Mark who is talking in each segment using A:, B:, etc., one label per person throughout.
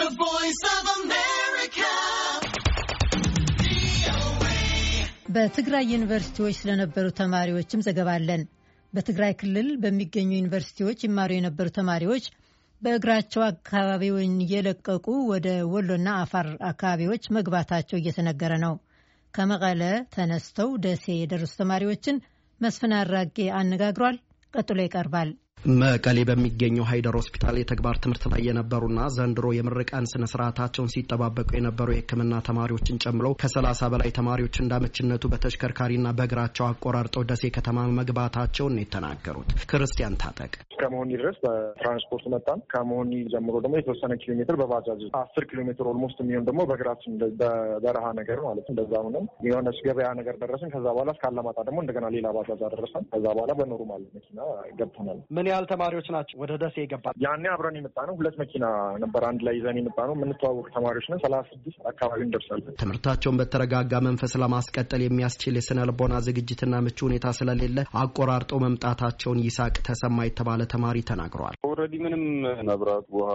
A: The Voice of America.
B: በትግራይ ዩኒቨርሲቲዎች ስለነበሩ ተማሪዎችም ዘገባ አለን። በትግራይ ክልል በሚገኙ ዩኒቨርሲቲዎች ይማሩ የነበሩ ተማሪዎች በእግራቸው አካባቢውን እየለቀቁ ወደ ወሎና አፋር አካባቢዎች መግባታቸው እየተነገረ ነው። ከመቀለ ተነስተው ደሴ የደረሱ ተማሪዎችን መስፍን አራጌ አነጋግሯል። ቀጥሎ ይቀርባል። መቀሌ በሚገኘው ሀይደር ሆስፒታል የተግባር ትምህርት ላይ የነበሩና ዘንድሮ የምርቃን ስነ ስርዓታቸውን ሲጠባበቁ የነበሩ የሕክምና ተማሪዎችን ጨምሮ ከሰላሳ በላይ ተማሪዎች እንዳመችነቱ በተሽከርካሪና በእግራቸው አቆራርጠው ደሴ ከተማ መግባታቸውን ነው የተናገሩት። ክርስቲያን ታጠቅ
C: ከመሆኒ ድረስ በትራንስፖርት መጣን። ከመሆኒ ጀምሮ ደግሞ የተወሰነ ኪሎ ሜትር በባጃጅ አስር ኪሎ ሜትር ኦልሞስት የሚሆን ደግሞ በእግራችን በበረሃ ነገር ማለት እንደዛ ሁነም የሆነች ገበያ ነገር ደረስን። ከዛ በኋላ እስከ አላማጣ ደግሞ እንደገና ሌላ ባጃጅ አደረሰን። ከዛ በኋላ በኖሩ ማለት መኪና ገብተናል። ያህል ተማሪዎች ናቸው ወደ ደሴ የገባል? ያኔ አብረን የመጣ ነው ሁለት መኪና ነበር አንድ ላይ ይዘን የመጣ ነው። የምንተዋወቅ ተማሪዎች ነን። ሰላሳ ስድስት አካባቢ እንደርሳለን።
B: ትምህርታቸውን በተረጋጋ መንፈስ ለማስቀጠል የሚያስችል የስነ ልቦና ዝግጅትና ምቹ ሁኔታ ስለሌለ አቆራርጦ መምጣታቸውን ይሳቅ ተሰማ የተባለ ተማሪ ተናግረዋል።
A: ኦልሬዲ ምንም መብራት፣ ውሃ፣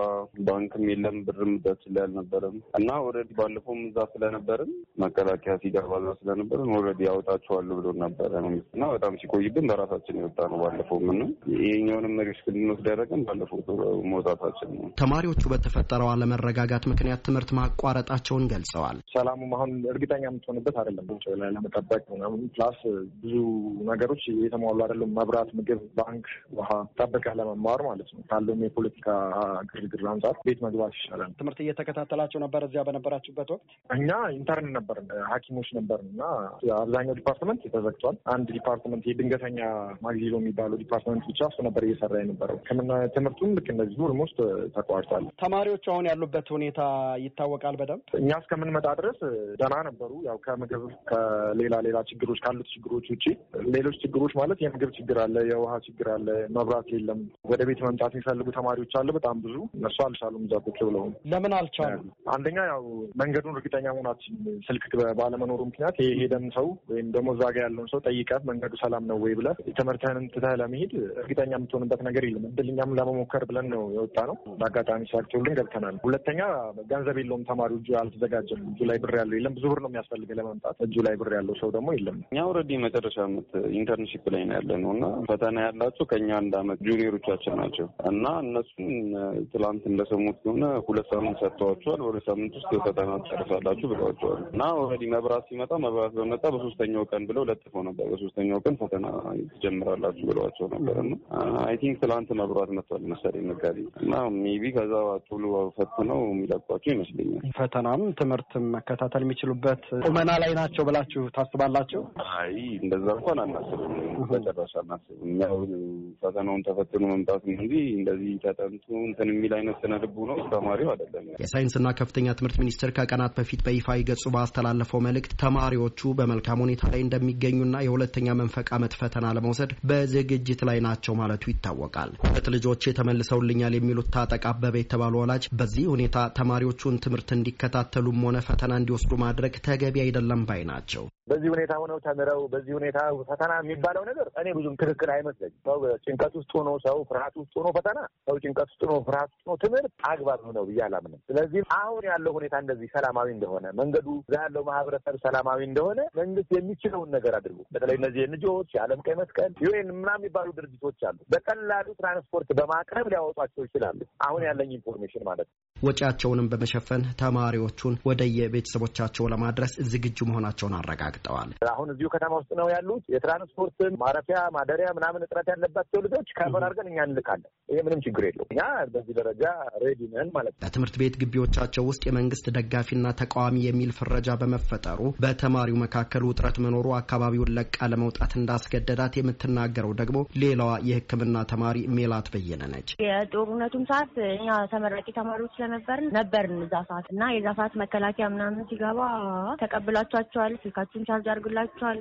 A: ባንክም የለም ብርም እጃችን ላይ አልነበረም እና ኦልሬዲ ባለፈውም እዛ ስለነበርም መከላከያ ሲገባ እዛ ስለነበርም ኦልሬዲ ያወጣችኋለሁ ብሎ ነበረ መንግስት እና በጣም ሲቆይብን በራሳችን የወጣ ነው ባለፈው ምን ይህኛውንም መሪዎች ክልኖት ደረግን ባለፈው መውጣታችን ነው።
B: ተማሪዎቹ በተፈጠረው አለመረጋጋት ምክንያት ትምህርት ማቋረጣቸውን ገልጸዋል።
C: ሰላሙም አሁን እርግጠኛ የምትሆንበት አይደለም። ለመጠበቅ ፕላስ ብዙ ነገሮች የተሟሉ አይደለም። መብራት፣ ምግብ፣ ባንክ፣ ውሃ ጠብቀህ ለመማር ማለት ነው። ካለውም የፖለቲካ ግርግር አንጻር ቤት መግባት ይሻላል። ትምህርት እየተከታተላቸው ነበር እዚያ በነበራችሁበት ወቅት? እኛ ኢንተርን ነበርን፣ ሐኪሞች ነበርን እና አብዛኛው ዲፓርትመንት ተዘግቷል። አንድ ዲፓርትመንት የድንገተኛ ማግዚሎ የሚባለው ዲፓርትመንት ብቻ እሱ ነበር እየሰራ የነበረው። ሕክምና ትምህርቱም ልክ እንደዚሁ ኦልሞስት ተቋርጧል።
B: ተማሪዎቹ አሁን ያሉበት
C: ሁኔታ ይታወቃል በደንብ እኛ እስከምንመጣ ድረስ ደህና ነበሩ። ያው ከምግብ ከሌላ ሌላ ችግሮች ካሉት ችግሮች ውጭ ሌሎች ችግሮች ማለት የምግብ ችግር አለ፣ የውሃ ችግር አለ፣ መብራት የለም፣ ወደ ቤት መምጣት የሚፈልጉ ተማሪዎች አሉ። በጣም ብዙ እነሱ አልቻሉም። እዛ ቁጭ ብለው ለምን አልቻሉ? አንደኛ ያው መንገዱን እርግጠኛ መሆናችን ስልክ ባለመኖሩ ምክንያት የሄደን ሰው ወይም ደግሞ እዛ ጋ ያለውን ሰው ጠይቀህ መንገዱ ሰላም ነው ወይ ብለህ ትምህርትህን ትተህ ለመሄድ እርግጠኛ የምትሆንበት ነገር የለም። እድልኛም ለመሞከር ብለን ነው የወጣ ነው። በአጋጣሚ ሲያልቸውልን ገብተናል። ሁለተኛ ገንዘብ የለውም ተማሪው እጁ አልተዘጋጀም። እጁ ላይ ብር ያለው የለም። ብዙ ብር ነው የሚያስፈልገ ለመምጣት እጁ ላይ ብር ያለው ሰው ደግሞ የለም።
A: እኛ ኦልሬዲ መጨረሻ ዓመት ኢንተርንሺፕ ላይ ነው ያለ ነው እና ፈተና ያላቸው ከእኛ አንድ ዓመት ጁኒየሮቻችን ናቸው። እና እነሱም ትላንት እንደሰሙት ከሆነ ሁለት ሳምንት ሰጥተዋቸዋል። በሁለት ሳምንት ውስጥ ፈተና ትጨርሳላችሁ ብለዋቸዋል። እና ኦልሬዲ መብራት ሲመጣ መብራት በመጣ በሶስተኛው ቀን ብለው ለጥፈው ነበር። በሶስተኛው ቀን ፈተና ትጀምራላችሁ ብለዋቸው ነበር። እና አይ ቲንክ ትላንት መብራት መጥቷል መሰለኝ መጋቢ እና ሜቢ ከዛ ቶሎ ፈትነው የሚለቋቸው ይመስለኛል።
B: ፈተናም ትምህርትም መከታተል የሚችሉበት ቁመና ላይ ናቸው ብላችሁ
A: ታስባላችሁ? አይ እንደዛ እንኳን አናስብም፣ በጨረሻ አናስብም። ያው ፈተናውን ተፈትኖ መምጣት እንጂ እንደዚህ ተጠንቶ እንትን የሚል አይነት ስነ ልቡ ነው ተማሪው አይደለም።
B: የሳይንስና ከፍተኛ ትምህርት ሚኒስቴር ከቀናት በፊት በይፋ ገጹ ባስተላለፈው መልእክት ተማሪዎቹ በመልካም ሁኔታ ላይ እንደሚገኙና የሁለተኛ መንፈቅ ዓመት ፈተና ለመውሰድ በዝግጅት ላይ ናቸው ማለቱ ይታወቃል። ሁለት ልጆቼ ተመልሰውልኛል የሚሉት ታጠቅ አበበ የተባሉ ወላጅ በዚህ ሁኔታ ተማሪዎቹን ትምህርት እንዲከታተሉም ሆነ ፈተና እንዲወስዱ ማድረግ ተገቢ አይደለም ባይ ናቸው።
C: በዚህ ሁኔታ ሆነው ተምረው በዚህ ሁኔታ ፈተና የሚባለው ነገር እኔ ብዙም ትክክል አይመስለኝ። ሰው ጭንቀት ውስጥ ሆኖ ሰው ፍርሃት ውስጥ ሆኖ ፈተና ሰው ጭንቀት ውስጥ ሆኖ ፍርሃት ውስጥ ሆኖ ትምህርት አግባብ ነው ብዬ አላምንም። ስለዚህ አሁን ያለው ሁኔታ እንደዚህ ሰላማዊ እንደሆነ መንገዱ እዛ ያለው ማህበረሰብ ሰላማዊ እንደሆነ መንግስት የሚችለውን ነገር አድርጎ በተለይ እነዚህ ንጆዎች የዓለም ቀይ መስቀል ዩኤን ምናምን የሚባሉ ድርጅቶች አሉ። በቀላሉ ትራንስፖርት በማቅረብ ሊያወጧቸው ይችላሉ። አሁን ያለኝ ኢንፎርሜሽን ማለት ነው።
B: ወጪያቸውንም በመሸፈን ተማሪዎቹን ወደየቤተሰቦቻቸው ለማድረስ ዝግጁ መሆናቸውን አረጋግጠ አረጋግጠዋል።
C: አሁን እዚሁ ከተማ ውስጥ ነው ያሉት። የትራንስፖርትን ማረፊያ፣ ማደሪያ ምናምን እጥረት ያለባቸው ልጆች ከበር አድርገን እኛ እንልካለን። ይሄ ምንም ችግር የለው። እኛ በዚህ ደረጃ ሬዲ ነን ማለት ነው።
B: በትምህርት ቤት ግቢዎቻቸው ውስጥ የመንግስት ደጋፊና ተቃዋሚ የሚል ፍረጃ በመፈጠሩ በተማሪው መካከል ውጥረት መኖሩ አካባቢውን ለቃ ለመውጣት እንዳስገደዳት የምትናገረው ደግሞ ሌላዋ የሕክምና ተማሪ ሜላት በየነ ነች።
A: የጦርነቱም ሰዓት እኛ ተመራቂ ተማሪዎች ስለነበርን ነበርን እዛ ሰዓት እና የዛ ሰዓት መከላከያ ምናምን ሲገባ ተቀብላቸዋል ስልካችሁን ቻርጅ አድርግላችኋል፣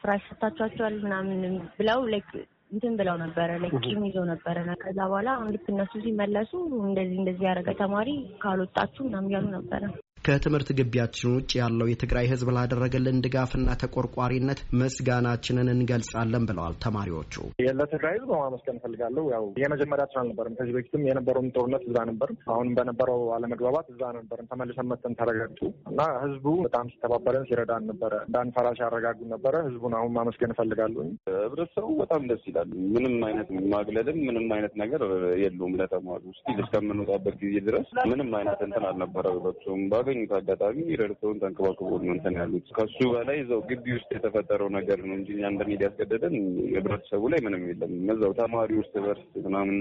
A: ፍራሽ ሰታችኋቸዋል ምናምን ብለው ላይክ እንትን ብለው ነበረ ላይክ ቂም ይዘው ነበረ። ከዛ በኋላ ልክ እነሱ ሲመለሱ እንደዚህ እንደዚህ ያደረገ ተማሪ ካልወጣችሁ
C: ምናምን እያሉ ነበረ።
B: ከትምህርት ግቢያችን ውጭ ያለው የትግራይ ህዝብ ላደረገልን ድጋፍና ተቆርቋሪነት ምስጋናችንን እንገልጻለን ብለዋል ተማሪዎቹ።
C: ለትግራይ ህዝብ ማመስገን እፈልጋለሁ። ያው የመጀመሪያችን አልነበርም። ከዚህ በፊትም የነበረውን ጦርነት እዛ ነበር። አሁንም በነበረው አለመግባባት እዛ ነበርን። ተመልሰን መተን ተረጋግጡ እና ህዝቡ በጣም ሲተባበረን ሲረዳን ነበረ። እንዳንፈራ ሲያረጋጉን ነበረ። ህዝቡን አሁን ማመስገን እፈልጋለሁ። ህብረተሰቡ በጣም ደስ ይላል። ምንም አይነት
A: ማግለልም ምንም አይነት ነገር የሉም። ለተማሪ ውስጥ እስከምንወጣበት ጊዜ ድረስ ምንም አይነት እንትን አልነበረ ህብረተሰቡ ባገኙት አጋጣሚ ረድተውን ተንከባክቦን እንትን ያሉት ከሱ በላይ እዛው ግቢ ውስጥ የተፈጠረው ነገር ነው እንጂ እኛ እንደሚሄድ ያስገደደን ህብረተሰቡ ላይ ምንም የለም። እዛው ተማሪ ውስጥ በርስ ምናምን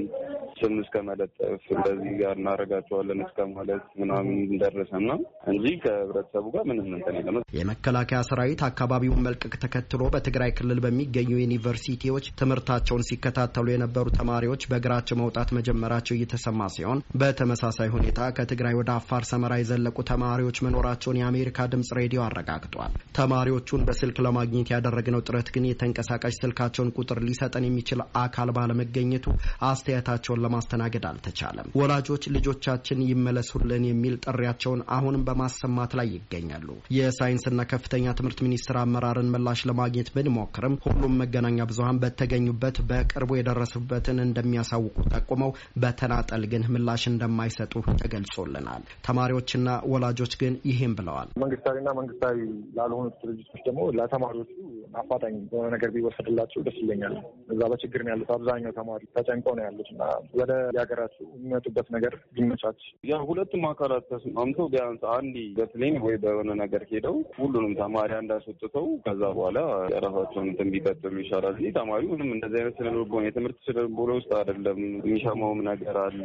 A: ስም እስከ መለጠፍ እንደዚህ ጋር እናደርጋቸዋለን እስከ ማለት ምናምን እንደረሰና እንጂ ከህብረተሰቡ ጋር ምንም እንትን የለም።
B: የመከላከያ ሰራዊት አካባቢውን መልቀቅ ተከትሎ በትግራይ ክልል በሚገኙ ዩኒቨርሲቲዎች ትምህርታቸውን ሲከታተሉ የነበሩ ተማሪዎች በእግራቸው መውጣት መጀመራቸው እየተሰማ ሲሆን በተመሳሳይ ሁኔታ ከትግራይ ወደ አፋር ሰመራ የዘለቁ ተማሪዎች መኖራቸውን የአሜሪካ ድምጽ ሬዲዮ አረጋግጧል። ተማሪዎቹን በስልክ ለማግኘት ያደረግነው ጥረት ግን የተንቀሳቃሽ ስልካቸውን ቁጥር ሊሰጠን የሚችል አካል ባለመገኘቱ አስተያየታቸውን ለማስተናገድ አልተቻለም። ወላጆች ልጆቻችን ይመለሱልን የሚል ጥሪያቸውን አሁንም በማሰማት ላይ ይገኛሉ። የሳይንስና ከፍተኛ ትምህርት ሚኒስቴር አመራርን ምላሽ ለማግኘት ብንሞክርም ሁሉም መገናኛ ብዙሀን በተገኙበት በቅርቡ የደረሱበትን እንደሚያሳውቁ ጠቁመው በተናጠል ግን ምላሽ እንደማይሰጡ ተገልጾልናል። ተማሪዎችና ወላ ወላጆች ግን ይህም ብለዋል።
C: መንግስታዊና መንግስታዊ ላልሆኑት ድርጅቶች ደግሞ ለተማሪዎቹ አፋጣኝ በሆነ ነገር ቢወሰድላቸው ደስ ይለኛል። እዛ በችግር ነው ያሉት አብዛኛው ተማሪ ተጨንቆ ነው ያሉት እና ወደ የሀገራቸው የሚመጡበት ነገር ቢመቻች። ያ ሁለቱም አካላት
A: ተስማምተው ቢያንስ አንድ በፕሌን ወይ በሆነ ነገር ሄደው ሁሉንም ተማሪ አንድ ከዛ በኋላ የራሳቸውን እንትን ቢቀጥሉ ይሻላል። እዚህ ተማሪ ምንም እንደዚህ አይነት ስለልቦና የትምህርት ስለልቦና ውስጥ አይደለም። የሚሰማውም ነገር አለ፣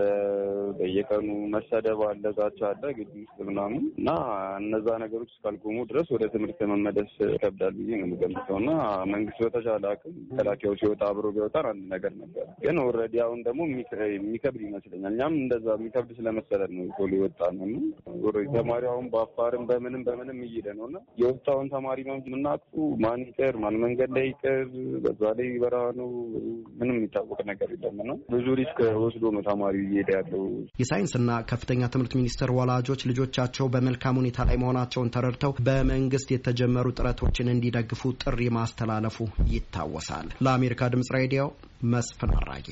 A: በየቀኑ መሰደብ አለ፣ ዛቻ አለ ግቢ ውስጥ ምናምን እና እነዛ ነገሮች እስካልቆሙ ድረስ ወደ ትምህርት መመለስ ይከብዳል ብዬ ነው የምገምተው። ናቸው እና መንግስት በተቻለ አቅም ተላኪያው ሲወጣ አብሮ ቢወጣን አንድ ነገር ነበር። ግን ኦልሬዲ አሁን ደግሞ የሚከብድ ይመስለኛል። እኛም እንደዛ የሚከብድ ስለመሰለን ነው ቶሎ ይወጣ ነው። ተማሪ አሁን በአፋርም በምንም በምንም እየሄደ ነው እና የወጣውን ተማሪ ነው የምናውቁ ማን ይቅር ማን መንገድ ላይ ይቅር። በዛ ላይ በረሃ ነው ምንም የሚታወቅ ነገር የለም እና ብዙ ሪስክ ወስዶ ነው ተማሪ እየሄደ ያለው።
B: የሳይንስና ከፍተኛ ትምህርት ሚኒስቴር ወላጆች ልጆቻቸው በመልካም ሁኔታ ላይ መሆናቸውን ተረድተው በመንግስት የተጀመሩ ጥረቶችን እንዲደግፉ ጥሪ ማስተላለፉ ይታወሳል። ለአሜሪካ ድምጽ ሬዲዮ መስፍን አራጌ